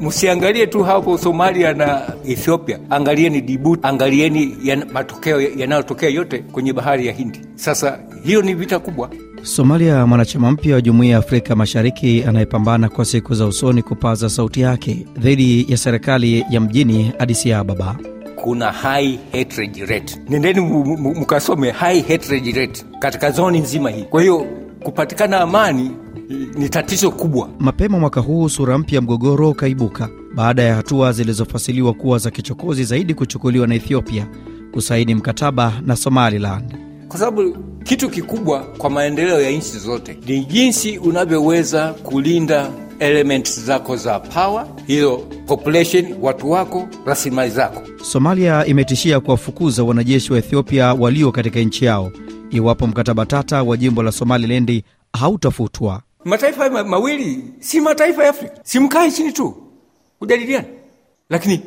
Msiangalie tu hapo Somalia na Ethiopia, angalieni Djibouti, angalieni yan, matokeo yanayotokea yote kwenye bahari ya Hindi. Sasa hiyo ni vita kubwa. Somalia, mwanachama mpya wa jumuiya ya Afrika Mashariki anayepambana kwa siku za usoni kupaza sauti yake dhidi ya serikali ya mjini Addis Ababa. Kuna high hatred rate, nendeni mkasome high hatred rate katika zoni nzima hii. Kwa hiyo kupatikana amani ni tatizo kubwa. Mapema mwaka huu sura mpya ya mgogoro ukaibuka baada ya hatua zilizofasiliwa kuwa za kichokozi zaidi kuchukuliwa na Ethiopia kusaini mkataba na Somaliland, kwa sababu kitu kikubwa kwa maendeleo ya nchi zote ni jinsi unavyoweza kulinda elements zako za power, hiyo population, watu wako, rasilimali zako. Somalia imetishia kuwafukuza wanajeshi wa Ethiopia walio katika nchi yao iwapo mkataba tata wa jimbo la Somaliland hautafutwa. Mataifa ma mawili si mataifa ya Afrika, si mkae chini tu kujadiliana, lakini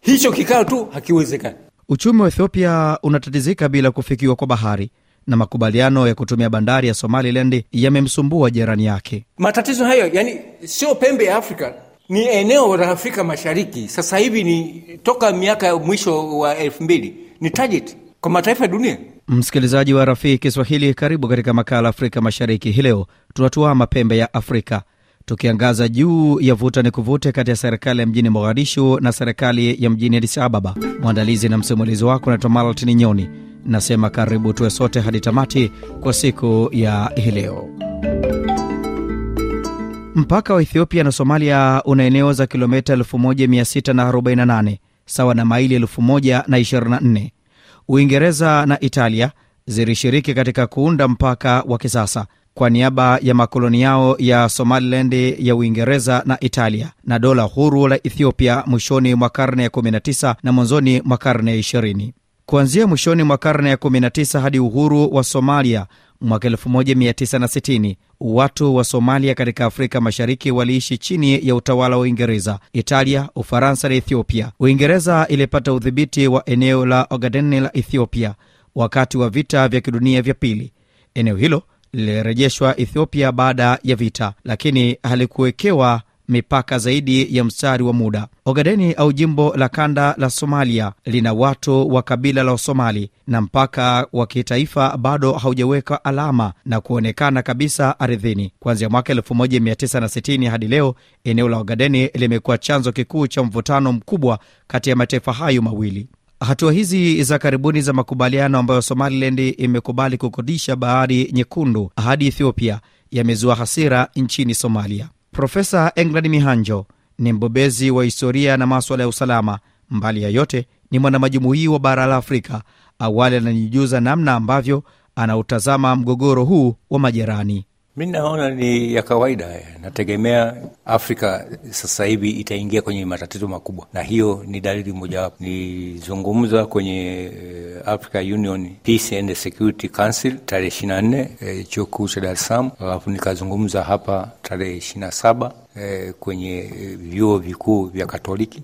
hicho kikao tu hakiwezekani. Uchumi wa Ethiopia unatatizika bila kufikiwa kwa bahari na makubaliano ya kutumia bandari ya Somaliland yamemsumbua jirani yake. Matatizo hayo yani sio pembe ya Afrika, ni eneo la Afrika Mashariki. Sasa hivi ni toka miaka ya mwisho wa elfu mbili ni target kwa mataifa ya dunia. Msikilizaji wa Rafii Kiswahili, karibu katika makala Afrika Mashariki. Hii leo tunatuama pembe ya Afrika tukiangaza juu ya vuta ni kuvute kati ya serikali ya mjini Mogadishu na serikali ya mjini Adis Ababa. Mwandalizi na msimulizi wako naitwa maltini Nyoni, nasema karibu tuwe sote hadi tamati kwa siku ya hii leo. Mpaka wa Ethiopia na Somalia una eneo za kilometa 1648 sawa na maili 1024 Uingereza na Italia zilishiriki katika kuunda mpaka wa kisasa kwa niaba ya makoloni yao ya Somaliland ya Uingereza na Italia na dola huru la Ethiopia mwishoni mwa karne ya 19 na mwanzoni mwa karne ya 20. Kuanzia mwishoni mwa karne ya 19 hadi uhuru wa Somalia mwaka 1960 watu wa Somalia katika Afrika Mashariki waliishi chini ya utawala wa Uingereza, Italia, Ufaransa na Ethiopia. Uingereza ilipata udhibiti wa eneo la ogadene la Ethiopia wakati wa vita vya kidunia vya pili. Eneo hilo lilirejeshwa Ethiopia baada ya vita, lakini halikuwekewa mipaka zaidi ya mstari wa muda. Ogadeni au jimbo la kanda la Somalia lina watu wa kabila la Somali na mpaka wa kitaifa bado haujaweka alama na kuonekana kabisa ardhini. Kuanzia mwaka 1960 hadi leo, eneo la Ogadeni limekuwa chanzo kikuu cha mvutano mkubwa kati ya mataifa hayo mawili. Hatua hizi za karibuni za makubaliano ambayo Somaliland imekubali kukodisha bahari nyekundu hadi Ethiopia yamezua hasira nchini Somalia. Profesa England Mihanjo ni mbobezi wa historia na maswala ya usalama. Mbali ya yote, ni mwanamajumuii wa bara la Afrika. Awali ananijuza namna ambavyo anautazama mgogoro huu wa majirani. Mi naona ni ya kawaida, eh. nategemea Afrika sasa hivi itaingia kwenye matatizo makubwa, na hiyo ni dalili mojawapo. nizungumza kwenye eh, Africa Union Peace and Security Council tarehe ishirini na nne e, chuo kikuu cha Dar es Salaam, alafu nikazungumza hapa tarehe ishirini na saba e, kwenye vyuo vikuu vya Katoliki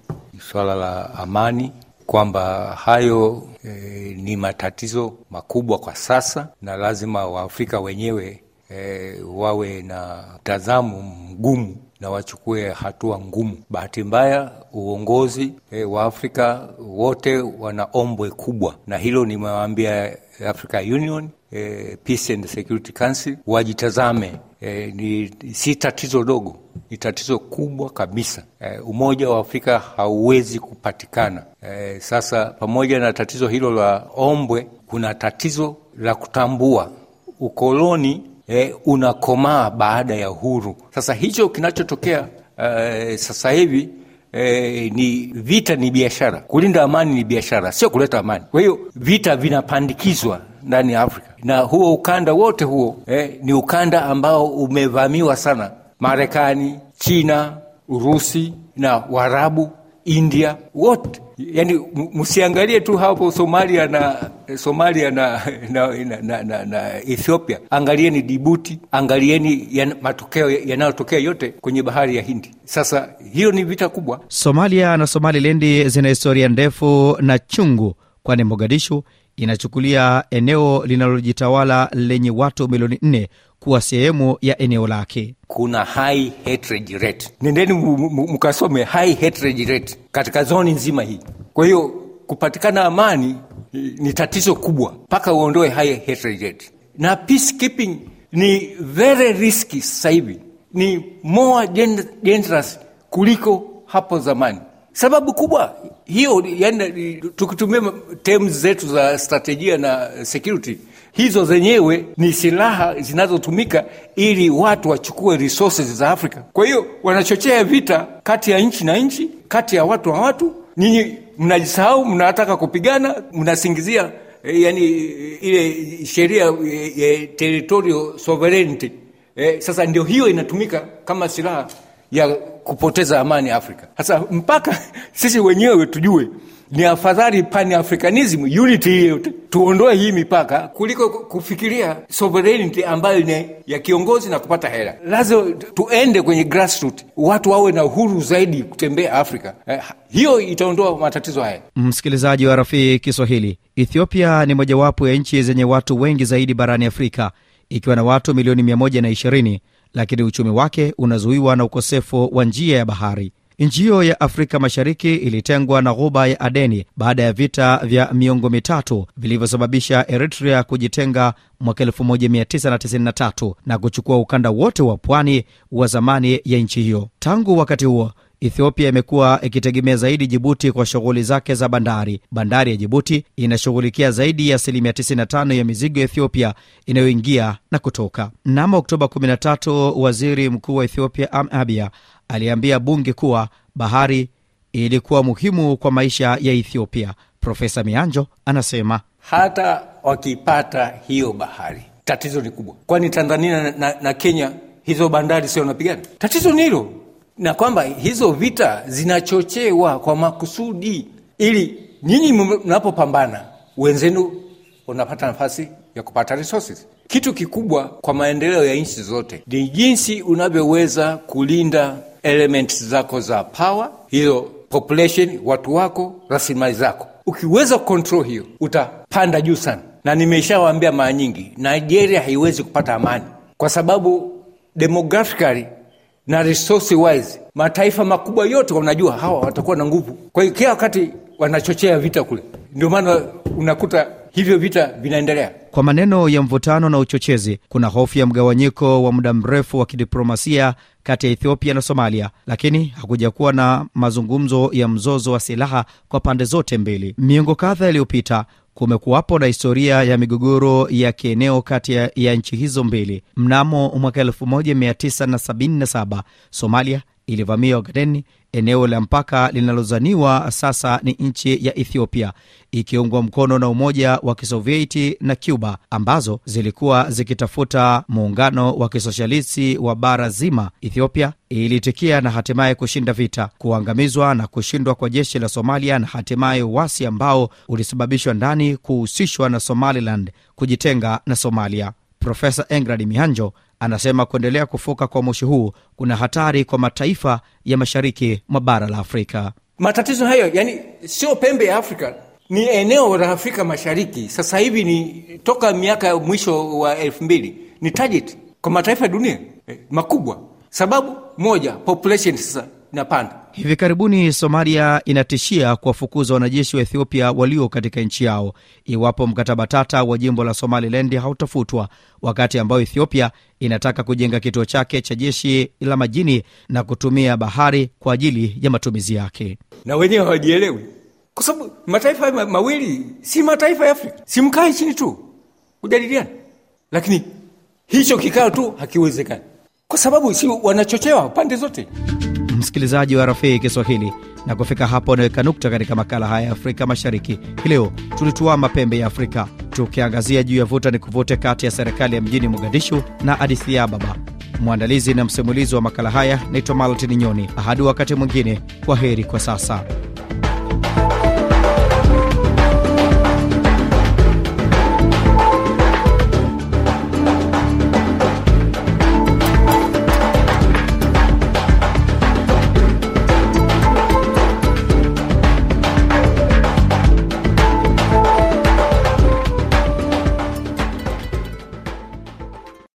swala la amani kwamba hayo e, ni matatizo makubwa kwa sasa, na lazima Waafrika wenyewe e, wawe na mtazamo mgumu na wachukue hatua ngumu. Bahati mbaya uongozi e, wa Afrika wote wana ombwe kubwa, na hilo nimewaambia Africa Union e, Peace and Security Council wajitazame. E, ni si tatizo dogo, ni tatizo kubwa kabisa. E, umoja wa Afrika hauwezi kupatikana. E, sasa pamoja na tatizo hilo la ombwe, kuna tatizo la kutambua ukoloni eh, unakomaa baada ya uhuru. Sasa hicho kinachotokea eh, sasa hivi Eh, ni vita, ni biashara. Kulinda amani ni biashara, sio kuleta amani. Kwa hiyo vita vinapandikizwa ndani ya Afrika na huo ukanda wote huo eh, ni ukanda ambao umevamiwa sana. Marekani, China, Urusi na Waarabu India wote yani, msiangalie tu hapo Somalia na Somalia na, na, na, na, na, na Ethiopia. Angalieni Djibouti, angalieni yan, matokeo yanayotokea yote kwenye bahari ya Hindi. Sasa hiyo ni vita kubwa. Somalia na Somalilendi zina historia ndefu na chungu, kwani Mogadishu inachukulia eneo linalojitawala lenye watu milioni nne kuwa sehemu ya eneo lake. Kuna high hatred rate, nendeni mkasome high hatred rate katika zoni nzima hii. Kwa hiyo kupatikana amani ni tatizo kubwa mpaka uondoe high hatred rate, na peacekeeping ni very risky sasa hivi, ni more dangerous kuliko hapo zamani. Sababu kubwa hiyo, yani tukitumia tem zetu za strategia na security, hizo zenyewe ni silaha zinazotumika ili watu wachukue resources za Afrika. Kwa hiyo wanachochea vita kati ya nchi na nchi, kati ya watu na watu. ninyi mnajisahau, mnataka kupigana, mnasingizia eh, yani ile sheria ya eh, eh, territorial sovereignty. Eh, sasa ndio hiyo inatumika kama silaha ya kupoteza amani Afrika. Sasa mpaka sisi wenyewe tujue ni afadhali pan-africanism unity hiyo, tuondoe hii mipaka kuliko kufikiria sovereignty ambayo ni ya kiongozi na kupata hela. Lazima tuende kwenye grassroots, watu wawe na uhuru zaidi kutembea Afrika. Eh, hiyo itaondoa matatizo haya. Msikilizaji wa Rafii Kiswahili, Ethiopia ni mojawapo ya nchi zenye watu wengi zaidi barani Afrika, ikiwa na watu milioni 120 lakini uchumi wake unazuiwa na ukosefu wa njia ya bahari. Nchi hiyo ya Afrika Mashariki ilitengwa na ghuba ya Adeni baada ya vita vya miongo mitatu vilivyosababisha Eritrea kujitenga mwaka 1993 na kuchukua ukanda wote wa pwani wa zamani ya nchi hiyo. Tangu wakati huo Ethiopia imekuwa ikitegemea zaidi Jibuti kwa shughuli zake za bandari. Bandari ya Jibuti inashughulikia zaidi ya asilimia 95 ya mizigo ya Ethiopia inayoingia na kutoka. Mnamo Oktoba 13, waziri mkuu wa Ethiopia amabia aliambia bunge kuwa bahari ilikuwa muhimu kwa maisha ya Ethiopia. Profesa Mianjo anasema hata wakipata hiyo bahari tatizo ni kubwa, kwani Tanzania na, na Kenya hizo bandari sio napigana Tatizo ni hilo na kwamba hizo vita zinachochewa kwa makusudi, ili nyinyi mnapopambana wenzenu unapata nafasi ya kupata resources. Kitu kikubwa kwa maendeleo ya nchi zote ni jinsi unavyoweza kulinda elements zako za power, hiyo population, watu wako, rasilimali zako. Ukiweza control hiyo, utapanda juu sana, na nimeshawaambia mara nyingi, Nigeria haiwezi kupata amani kwa sababu demographically na resource wise, mataifa makubwa yote wanajua hawa watakuwa na nguvu. Kwa hiyo kila wakati wanachochea vita kule, ndio maana unakuta hivyo vita vinaendelea. Kwa maneno ya mvutano na uchochezi, kuna hofu ya mgawanyiko wa muda mrefu wa kidiplomasia kati ya Ethiopia na Somalia, lakini hakuja kuwa na mazungumzo ya mzozo wa silaha kwa pande zote mbili. Miongo kadha yaliyopita kumekuwapo na historia ya migogoro ya kieneo kati ya, nchi hizo mbili. Mnamo mwaka 1977 Somalia ilivamia Ogadeni Eneo la mpaka linalozaniwa sasa ni nchi ya Ethiopia ikiungwa mkono na Umoja wa Kisovieti na Cuba ambazo zilikuwa zikitafuta muungano wa kisoshalisti wa bara zima. Ethiopia ilitikia na hatimaye kushinda vita, kuangamizwa na kushindwa kwa jeshi la Somalia na hatimaye uasi ambao ulisababishwa ndani kuhusishwa na Somaliland kujitenga na Somalia. Profesa Engrad Mihanjo Anasema kuendelea kufuka kwa moshi huu kuna hatari kwa mataifa ya mashariki mwa bara la Afrika. Matatizo hayo yani sio pembe ya Afrika, ni eneo la Afrika Mashariki. Sasa hivi ni toka miaka ya mwisho wa elfu mbili ni target kwa mataifa ya dunia eh, makubwa. Sababu moja population sasa inapanda Hivi karibuni Somalia inatishia kuwafukuza wanajeshi wa Ethiopia walio katika nchi yao iwapo mkataba tata wa jimbo la Somaliland hautafutwa, wakati ambao Ethiopia inataka kujenga kituo chake cha jeshi la majini na kutumia bahari kwa ajili ya matumizi yake. Na wenyewe hawajielewi, kwa sababu mataifa mawili si mataifa ya Afrika. Si mkae chini tu kujadiliana, lakini hicho kikao tu hakiwezekani, kwa sababu si wanachochewa pande zote msikilizaji wa rafii Kiswahili, na kufika hapo anaweka nukta katika makala haya ya Afrika Mashariki. Hii leo tulituama pembe ya Afrika tukiangazia juu ya vuta ni kuvute kati ya serikali ya mjini Mogadishu na Addis baba Mwandalizi na msimulizi wa makala haya naitwa Maltin Nyoni. Hadi wakati mwingine, kwa heri kwa sasa.